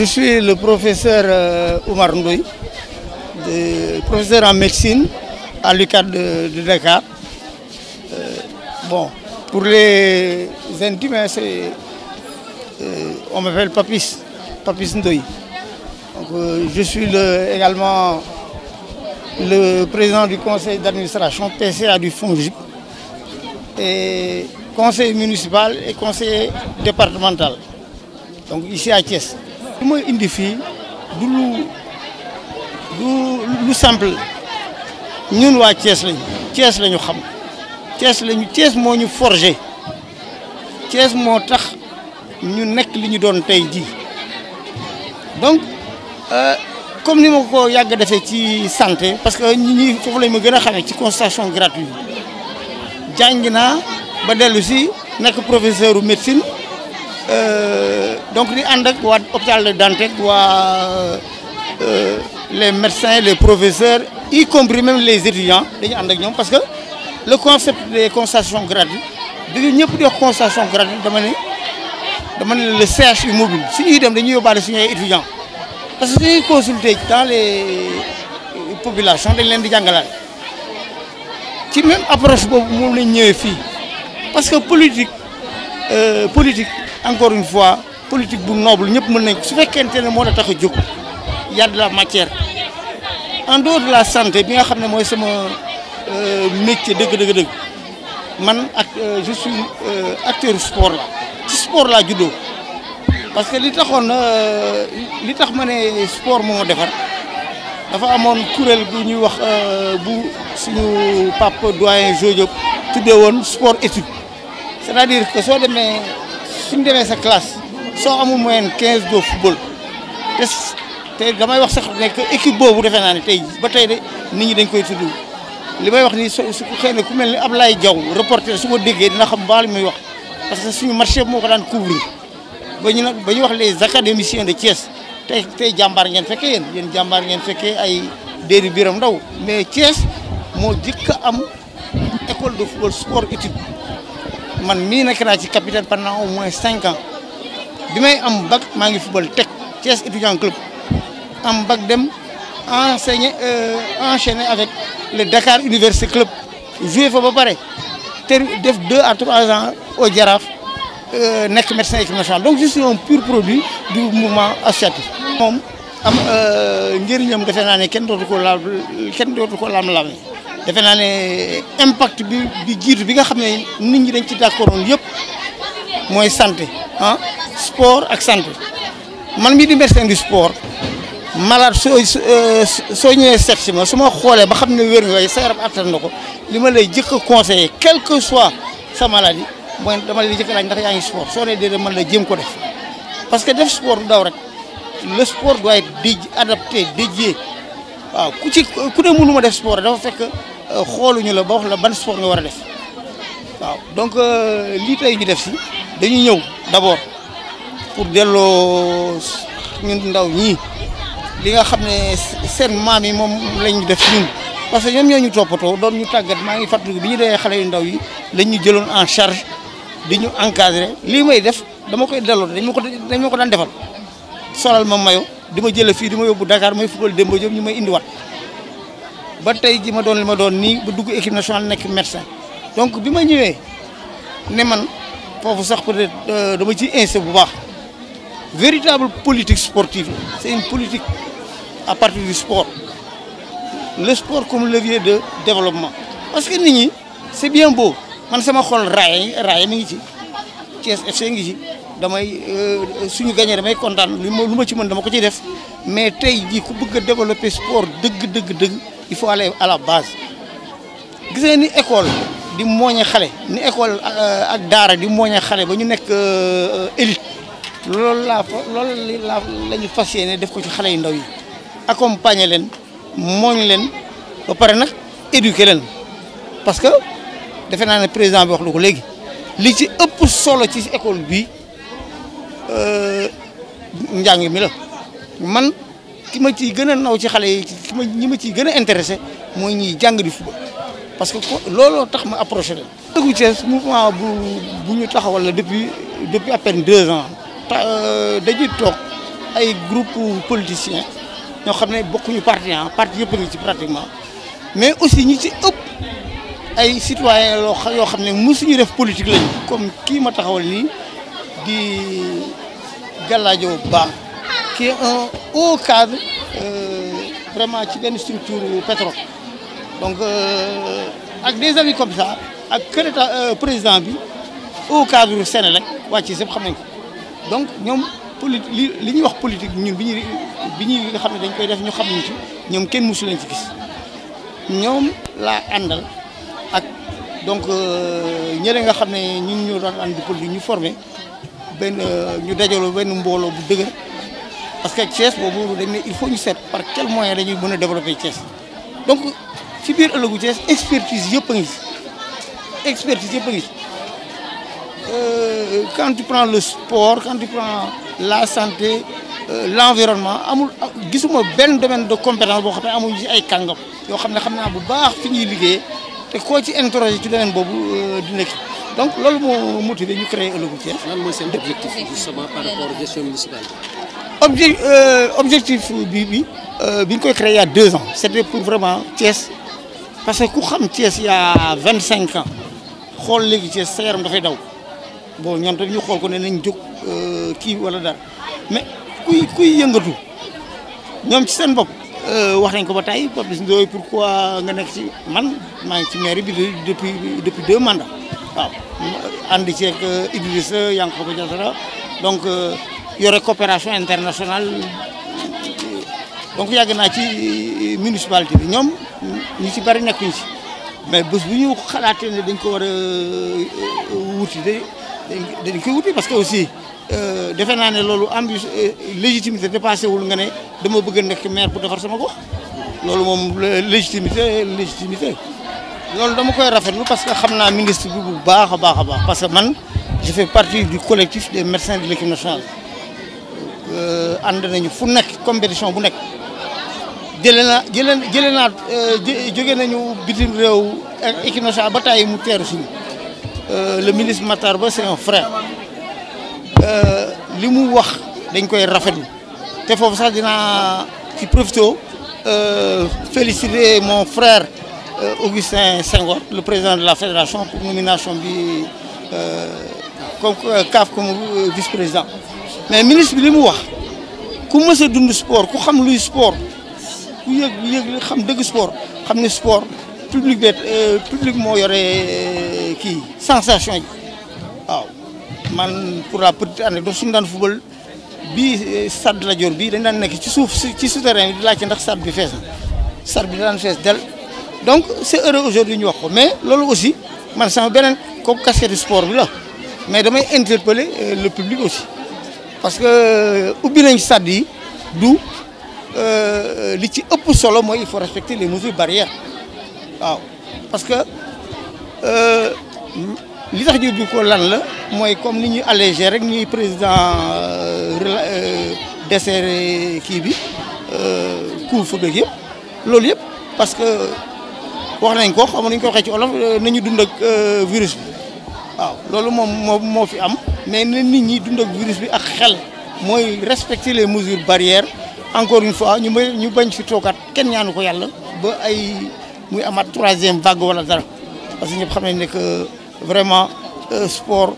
Je suis le professeur euh, Oumar Ndoye, professeur en médecine à l'UCAD de, de, Dakar. Euh, pour les intimes, euh, on m'appelle Papis, Papis Ndoye. Donc, euh, je suis le, également le président du conseil d'administration PCA du FONGIP et conseiller municipal et conseil départemental. Donc ici à Thiès. lu ma indi fii du lu sample ñun waa cees lañu cees lañu xam Thiès lañu Thiès moo ñu forgé Thiès moo tax ñu nekk li ñu doon tey ji donc euh, comme ni ma ko yàgg defee ci santé parce que ñi ñi foofu lañ ma gën a xamee ci constation gratuite jàng naa ba dellu si nekk professeur u médecine Euh, donc ñu ànd ak waa hôpital de Dantec waa euh, les médecins les professeurs y compris même les étudiants dañu ànd ak ñoom parce que le concept des consultations gratuites bi ñëpp di wax consultation gratuite dama ne dama ne le CHU mobile su ñuy dem dañuy yóbbaale suñu ay étudiants parce que suñuy consulter dans les euh, populations dañ leen di jàngalaat ci même approche boobu moom lañ ñëwee fii parce que politique politique encore une fois politique bu noble ñëpp mu nekk su fekkente ne moo la tax a jóg y la matière en dehors de la santé bi nga xam ne mooy sama euh, métier dëgg dëgg dëgg man ak euh, je suis euh, acteur sport la ci sport laa juddoo parce que li taxoon li tax ma ne sport moo defar dafa amoon kuréel bu ñuy wax bu suñu papa doyen Jodiop tuddee sport étude c'est-à-dire soo demee suñ demee sa classe soo amul moyenne quinze de football te te damay wax sax ne que équipe boobu defe naa ne tey ba tey de nit ñi dañ koy tudd li may wax ni su xëy na ku mel ni Ablaye Diaw reporter su ko déggee dina xam mbaal muy wax parce que suñu marché moo ko daan couvrir ba ñu nag ba ñu wax les académiciens de Thiès tey tey jàmbaar ngeen fekkee yéen yéen jàmbaar ngeen fekkee ay déeri biram ndaw mais Thiès moo jëkk a am école de football sport étude man mii nekk naa ci capitaine pendant au moins cinq ans bi may am bac maa ngi football teg Thiès étudiant club am bac dem enseigner euh, enchaîner avec le Dakar Université Club joué fa ba pare te def deux à trois ans au Jaraaf euh, nekk médecin équipe nationale donc je suis un pur produit du mouvement associatif. moom am euh, njëriñam defe ne kenn dootu ko laam kenn dootu ko laam defe naa ne impact bi bi jiitu bi nga xam ne nit ñi dañ ci d'accordoon yëpp mooy santé ah sport ak santé man mii di médecin du sport malade soo soo ñëwee seet si ma su ma xoolee ba xam ne wér nga sa yaram attan na ko li ma lay jëkk a conseillé quel que soit sa maladie dama lay jëkk laaj ndax yaa ngi sport soo nee déedéet man la jéem ko def parce que def sport du daw rek le sport doit être déj adapté dédié waaw ku ci ku ne mënu ma def sport dafa fekk euh, xooluñu la ba wax la ban sport nga war a def waaw donc euh, lii tey ñu def si dañu ñëw d'abord pour delloo ñun ndaw ñii li nga xam ne seen maam yi moom lañ def ñun parce que ñoom ñoo ñu toppatoo doon ñu tàggat maa ngi fàttaliku bi ñu dee xale yu ndaw yi lañ ñu jëloon en charge di ñu encadré lii may def dama koy delloo dañ ma ko dañ ma ko daan defal solal ma mayo di ma jële fii di ma yóbbu Dakar may football Demba Diop ñu ma indiwaat ba tey ji ma doon li ma doon nii ba dugg équipe nationale nekk médecin donc bi ma ñëwee ne man foofu sax peut-être euh, dama ci insé bu baax véritable politique sportive c'est une politique à partir du sport le sport comme levier de développement parce que nit ñi c'est bien boo man sama xol raay raay mi ngi ci Thiès FC ngi ci damay euh, suñu gagné damay kontaan lu ma lu ma ci mën dama ko ciy def mais tey jii ku bëgg a développer sport dëgg dëgg dëgg il faut aller la base gis ni école di mooñe xale ni école euh, ak daara di mooñe xale ba ñu nekk euh, élite loolu laa fa loolu la la ñu fas yéene def ko ci xale yu ndaw yi accompagner leen mooñ leen ba pare nag éduquer parce que defe naa ne président bi wax lu ko léegi li ci ëpp solo ci école bi Euh, njàng mi la man ki ma ciy gën a naw ci xale yi ñi ma ciy gën a intéressé mooy ñiy jàng di football parce que looloo tax ma approché leen. dëggu Thiès mouvement bu bu ñu taxawal la depuis depuis à peine deux ans euh, dañuy toog ay groupe politiciens ñoo xam ne bokkuñu parti ah parti yëpp a ngi ci pratiquement mais aussi ñi ci ëpp ay citoyens yoo xam ne mosuñu def politique lañu comme kii ma taxawal nii di. gàllaajo bu baax qui est un haut cadre euh, vraiment ci benn structure pétrole donc euh, ak des amis comme ça ak kërata euh, président bi haut cadre Sénélec wàcc sëpp xam nañ donc ñoom poli li ñuy wax politique ñun bi ñuy bi ñuy nga xam ne dañ koy def ñu xam ñu ci ñoom kenn mosu leen ci gis ñoom laa àndal ak donc ñeneen nga xam ne ñu ñoo doon ànd politique ñu formé benn ñu dajaloo benn mbooloo bu dëgër parce que Thiès boobu dañ ne il faut ñu seet par quel moyen dañuy mën a développer Thiès donc ci biir ëllëgu Thiès expertise yëpp a ngi si expertise yëpp a ngi si euh, quand le sport quand tu la santé euh, l' environnement amul gisuma benn domaine de compétence boo xam ne amuñu ci ay kàngam yoo xam ne xam naa bu baax fi ñuy liggéey te ko ci interroger ci domaine boobu euh, dina ki donc loolu moo motivé ñu créé Ëllëgu Thiès. lan mooy seen objectif justement par rapport à gestion municipale obje euh, objectif bi bi euh, bi ñu koy créé il y a deux ans c'était pour vraiment Thiès parce que ku xam Thiès il y a vingt cinq ans xool léegi Thiès sa yaram dafay daw bon ñoom tamit ñu xool ko ne nañ jóg euh, kii wala dara mais kuy kuy yëngatu ñoom ci seen bopp wax nañ ko ba tey Papis pour quoi nga nekk ci man maa ngi ci mairie bi depuis depuis deux mandats. waaw ànd ceeg euh, Idrissa Yankhoba Diattara donc euh, yore coopération internationale donc yàgg naa ci euh, municipalité ñoom ñu ci bari nekkuñ ci mais bés bu ñu xalaatee ne dañ ko war a wuti dañ koy wuti parce que aussi defe naa ne loolu ambi légitimité dépassé wul nga ne dama bëgg a nekk maire pour defar sama ko loolu moom légitimité légitimité loolu dama koy rafetlu parce que xam naa ministre bi bu baax a baax a baax parce que man je fais partie du collectif des médecins de l'équipe nationale euh, ànd nañu fu nekk compétition bu nekk jëlee naa jëlee jëlee naa euh, jóge nañu bitim réew équipe nationale ba tàyyi mu teeru suñu euh, le ministre Matar Ba c'est un frère li mu wax dañ koy rafetlu te foofu sax dinaa ci profito féliciter mon frère Euh, Augustin Senghor le président de la fédération pour nomination bi euh, comme euh, CAF comme vice-président mais ministre bi li mu wax ku mës a dund sport ku xam luy sport ku yëg yëg xam dëgg sport xam ne sport public bi public moo yore kii sensation yi waaw man pour la petite anecdote suñu daan football bii stade la Dior bii dañ daan nekk ci suuf ci souterrain bi di laajte ndax stade bi fees na stade bi daan fees del donc c' est heureux aujourd'hui ñu wax ko mais loolu aussi man sama beneen kooku casquette sport bi la mais damay interpeller euh, le public aussi parce que euh, ubbi nañ stade yi du euh, li ci ëpp solo mooy il faut respecter les mesures barrières waaw parce que li tax ñu du ko lan la mooy comme ni ñuy allégé rek ñuy président desserré kii bi couvre-feu yëpp loolu yëpp parce que wax nañ ko xam nañ ko waxee ci olof euh, nañu dund ak euh, virus bi waaw loolu moom moo moo fi am mais na nit ñi dund ak virus bi ak xel mooy respecte les mesures barrières encore une fois ñu may ñu bañ fi toogaat kenn ñaanu ko yàlla ba ay muy amaat troisième vague wala dara parce que ñëpp xam nañ ne que vraiment euh, sport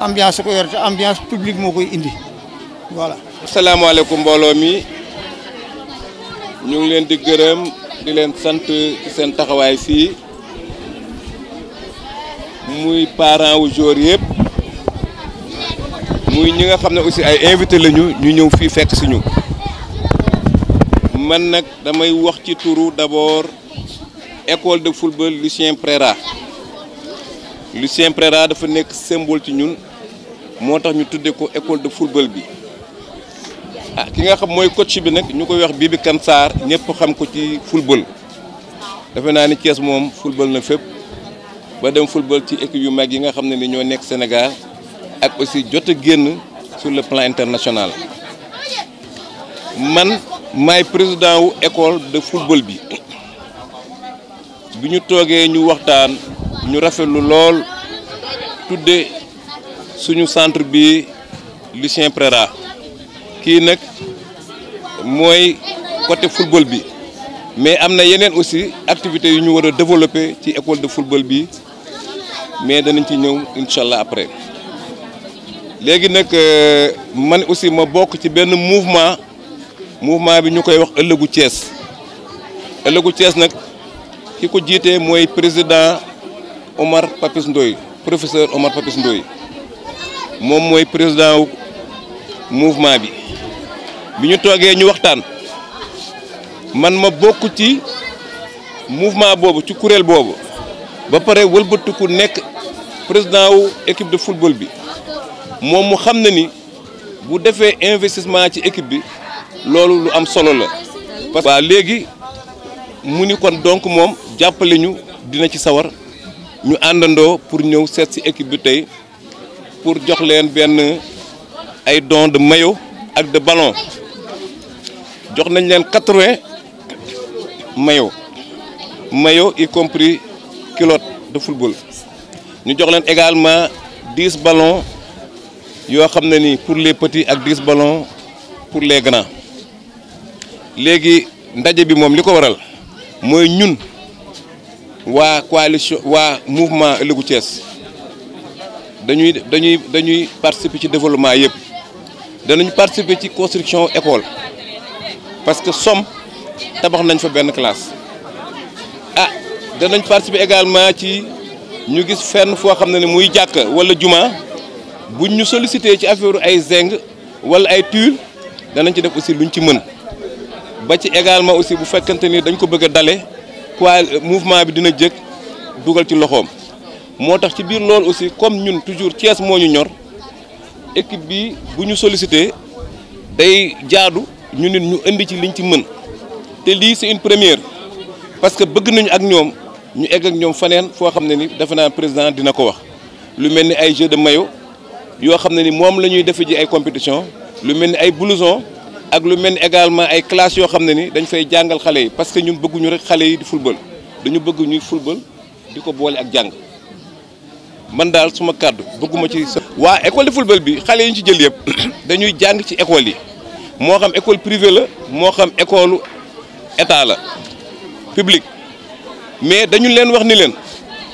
ambiance ko yor ambiance publique moo koy indi voilà. asalaamaaleykum mbooloo mi ñu ngi leen di gërëm. di leen sant seen taxawaay fii muy parent wu jour yëpp muy ñi nga xam ne aussi ay invité lañu ñu ñëw fii fekk suñu man nag damay wax ci turu d'abord école de football Lucien Préra Lucien Préra dafa nekk symbole ci ñun moo tax ñu tudde ko école de football bi ah ki nga xam mooy coach bi nag ñu koy wax bii Kane Sarr ñëpp xam ko ci football defe naa ni Thiès moom football na fépp ba dem football ci équipe yu mag yi nga xam ne ni ñoo nekk Sénégal ak aussi jot a génn sur le plan international man maay président wu école de football bi bi ñu toogee ñu waxtaan ñu rafetlu lool tudde suñu centre bi Lucien Préra kii nag mooy côté football bi mais am na yeneen aussi activités yu ñu war a développer ci école de football bi mais danañ ci ñëw incha allah après léegi nag euh, man aussi ma bokk ci benn mouvement mouvement bi ñu koy wax ëllëgu Thiès ëllëgu Thiès nag ki ko jiitee mooy président Omar Papis ndoy professeur Omar Papis Ndoye moom mooy président mouvement bi bi ñu toogee ñu waxtaan man ma bokk ci mouvement boobu ci kuréel boobu ba pare wëlbatiku nekk président wu équipe de football bi moom mu xam na ni bu defee investissement ci équipe bi loolu lu am solo la. parce que léegi mu ni kon donc moom jàppale ñu dina ci sawar ñu àndandoo pour ñëw seet si équipe bi tey pour jox leen benn ay dons de maillot ak de ballon. jox nañ leen quatre-vingts maillot maillot y compris culotte de football ñu jox leen également dix ballons yoo xam ne ni pour les petits ak dix ballons pour les grands léegi ndaje bi moom li ko waral mooy ñun waa coalition waa mouvement ëllëgu Thiès dañuy dañuy dañuy participer ci développement yëpp danañ participer ci construction école parce que Somme tabax nañ fa benn classe ah danañ participer également ci ñu gis fenn foo xam ne ne muy jàkk wala juma buñ ñu sollicité ci affaire ay zinc wala ay tuile danañ ci def aussi luñ ci mën ba ci également aussi bu fekkante ni dañ ko bëgg a dale quoi euh, mouvement bi dina jëkk dugal ci loxoom moo tax ci biir loolu aussi comme ñun toujours Thiès moo ñu ñor équipe bi bu ñu sollicité day jaadu ñu nit ñu indi ci liñ ci mën te lii c'est une première parce que bëgg nañu ak ñoom ñu egg ak ñoom faneen foo xam ne ni defe naa président dina ko wax lu mel ni ay jeu de mayo yoo xam ne ni moom la ñuy defe ji ay compétition lu mel ni ay blouson ak lu mel ni également ay classe yoo xam ne ni dañ fay jàngal xale yi parce que ñun bëgguñu rek xale yi di football dañu bëgg ñuy football di ko boole ak jàng man daal suma kàddu bëgguma ci. waa école de football bi xale yi ci jël yëpp dañuy jàng ci école yi. moo xam école privée la moo xam école état la publique mais dañu leen wax ni leen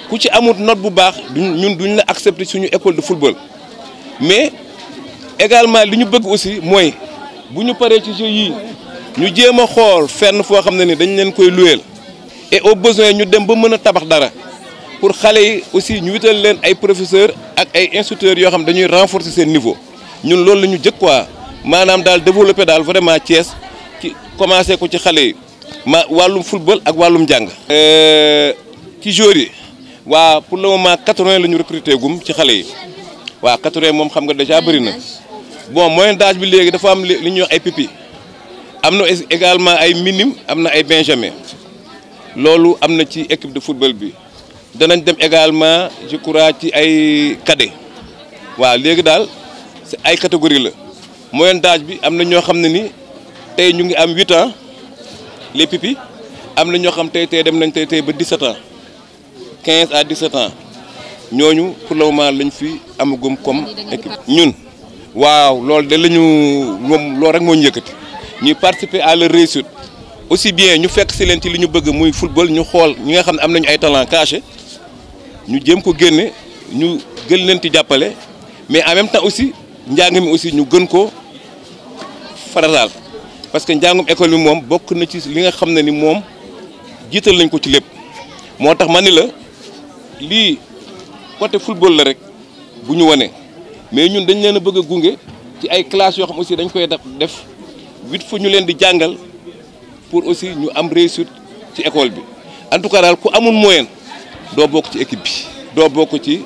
ku ci amut not bu baax du ñun duñ la accepter suñu école de football mais également li ñu bëgg aussi mooy bu ñu paree ci jeux yii ñu jéem a xool fenn foo xam ne ni dañ leen koy luyeel et au besoin ñu dem ba mën a tabax dara pour xale yi aussi ñu wital leen ay professeurs ak ay instructeurs yoo xam dañuy renforcer seen niveau ñun loolu la ñu jëkk quoi maanaam daal développé daal vraiment cees ci commencé ko ci xale yi ma wàllum football ak wàllum jàng. Euh, ci joueurs yi waa pour le moment quatre-vingts la ñu recruté gum ci xale yi waa quatre-vingts moom xam nga déjà bëri na bon moyen daaj bi léegi dafa am li ñuy wax ay pipi am na également ay minime am na ay benjamin loolu am na ci équipe de football bi danañ dem également je ci ay cadets waaw léegi daal c'est ay catégorie la. moyenne daaj bi am na ñoo xam ne ni tey ñu ngi am huit ans les pupilles am na ñoo xam tey tey dem nañ tey tey ba 17 quinze 15 à 17 ans ñooñu pour le moment lañ fi amagum comme équipe. ñun waaw loolu de lañu ñu moom loolu rek moo ñu yëkkati ñuy participer à la réussite aussi bien ñu fekk si leen ci li ñu bëgg muy football ñu xool ñi nga xam ne am nañu ay talent caché ñu jëm ko génne ñu gën leen ci jàppale mais en même temps aussi njàng aussi ñu gën ko. farataal parce que njàngum école bi moom bokk na ci li nga xam ne ni moom jiital nañ ko ci lépp moo tax ma ni la lii côté football la rek bu ñu wane mais ñun dañ leen a bëgg a gunge ci ay classes yoo xam aussi dañ koy def huit fu ñu leen di jàngal pour aussi ñu am réussite ci école bi en tout cas daal ku amul moyen doo bokk ci équipe bi doo bokk ci.